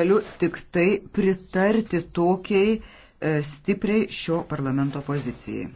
galiu tik tai pritarti tokiai e, stipriai šio parlamento pozicijai.